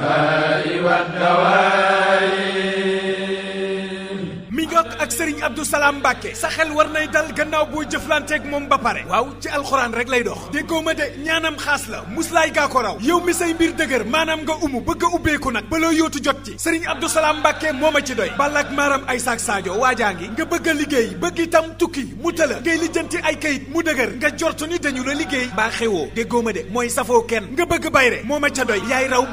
والشفاء والدواء ak sëriñ Abdou Salaam Mbàkke sa xel war nay dal gannaaw boo jëflanteeg moom ba pare waaw ci alxuraan rek lay dox déggoo ma de ñaanam xaas la muslaay gaa ko raw yow mi say mbir dëgër maanaam nga umu bëgg a ubbeeku nag ba loo yóotu jot ci sëriñ Abdou Salaam Mbàkke moo ma ci doy balak maaram ay saak saajo waajaa ngi nga bëgg a liggéey bëgg itam tukki mu tëla ngay lijjanti ay kayit mu dëgër nga jortu ni dañu la liggéey baa xewoo déggoo ma de mooy safoo kenn nga bëgg bayre moo ma ca doy yaay raw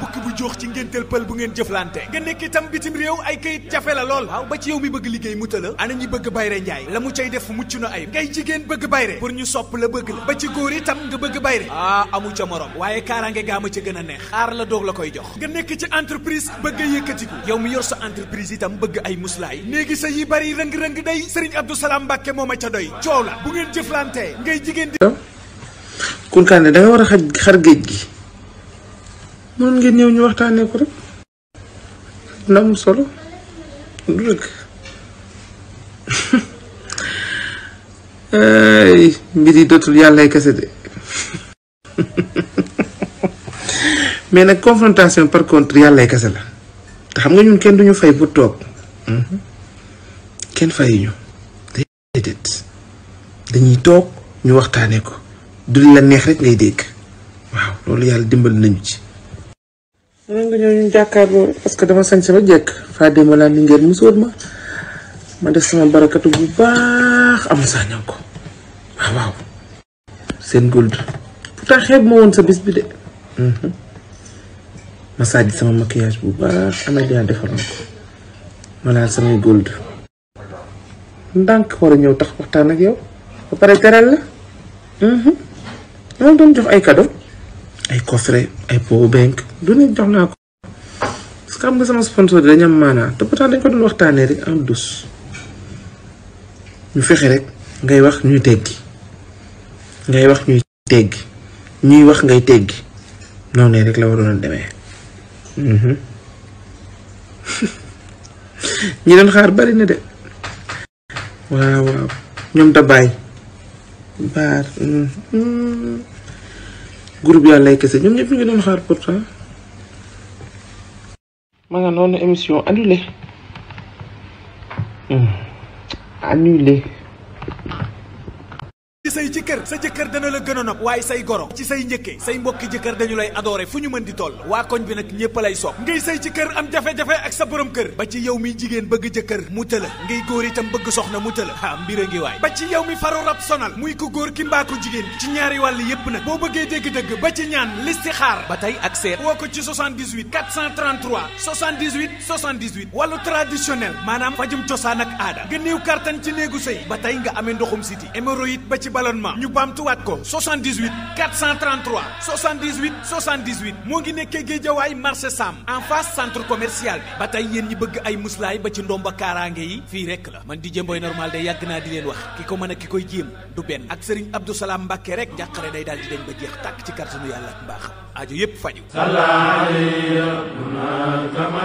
ci ngénteel bu ngeen jëflante nga nekk itam bitim réew ay kayit jafe la lool waaw ba ci yow bëgg liggéey mu la ana ñi bëgg bayre njaay la mu cay def mucc na ayib ngay jigéen bëgg bayre pour ñu sopp la bëgg la ba ci góor itam nga bëgg bayre ah amu ca morom waaye kaaraange gaa ma ca gën a neex aar la doog la koy jox nga nekk ci entreprise bëgg a yëkkatiku yow mi yor sa entreprise itam bëgg ay muslaay néegi sa yi bari rëng-rëng day sëriñ Abdou Salam Mbàkke moo ma ca doy coow la bu ngeen jëflantee ngay jigéen di Koukandé danga war a xaj xar géej gi mënoon ngeen ñëw ñu ko rek ndamu solo mbir yi dootul yàllay kese de mais nag confrontation par contre yàllay kese la te xam nga ñun kenn duñu fay bu toog mhm. kenn fayuñu déedéet dañuy toog ñu waxtaanee ko du la neex rek ngay dégg waaw loolu yàlla dimbali nañu ci mën nga ñëw ñu jàkkaarloo parce que dama sañ sama jekk faa démb laa ni ngeen musoor ma ma def sama barakatu bu baax am saa ñaw ko waaw waaw seen gold pourtant xeeb ma woon sa bis bi de mhm. ma saa sama maquillage bu baax Amélia defal ma ko ma laal samay gold ndànk war a ñëw tax waxtaan ak yow ba pare teral la mhm. dama doon jox ay kado ay coffret ay power bank du ne jox naa ko parce que am nga sama sponsor dañu am maanaa te dañ ko doon waxtaanee rek en ñu fexe rek ngay wax ñuy teggi ngay wax ñuy teggi ñuy wax ngay teggi noonu rek la waroon a demee mhm. ñi doon xaar bari na de waaw waaw ñoom da bàyyi baar mhm. groupe yàlla lay kese ñoom ñëpp ñu ngi doon xaar pourtant ma nga noonu émission annulée mhm. annulé. jëkkër sa jëkkër dana la gën a nopp waaye say goro ci say njëkkee say mbokki jëkkër dañu lay adoré fu ñu mën di toll waa koñ bi nag ñépp lay sopp ngay sëy ci kër am jafe-jafe ak sa borom kër ba ci yow mi jigéen bëgg jëkkër mu tëla ngay góor itam bëgg soxna mu tëla ah ngi waay ba ci yow mi faru rab sonal muy ko góor ki mbaa ko jigéen ci ñaari wàll yépp nag boo bëggee dégg-dëgg ba ci ñaan listixaar ba tey ak seet woo ko ci 78 433 78 ba tey nga amee ndoxum ba ci ñu baamtuwaat ko 78 433 78 78 moo ngi nekkee Géejawaay marché Sam en face centre commercial bi ba tey yéen ñi bëgg ay muslaay ba ci ndomba kaaraange yi fii rek la man DJ Mboy normal de yàgg naa di leen wax ki ko mën a ki koy jéem du benn ak Serigne Abdou Salam Mbacke rek njàqare day daal di ba jeex tàkk ci kàttanu yàlla ak mbaaxam aajo yépp faju salaam alayhi rabbuna kama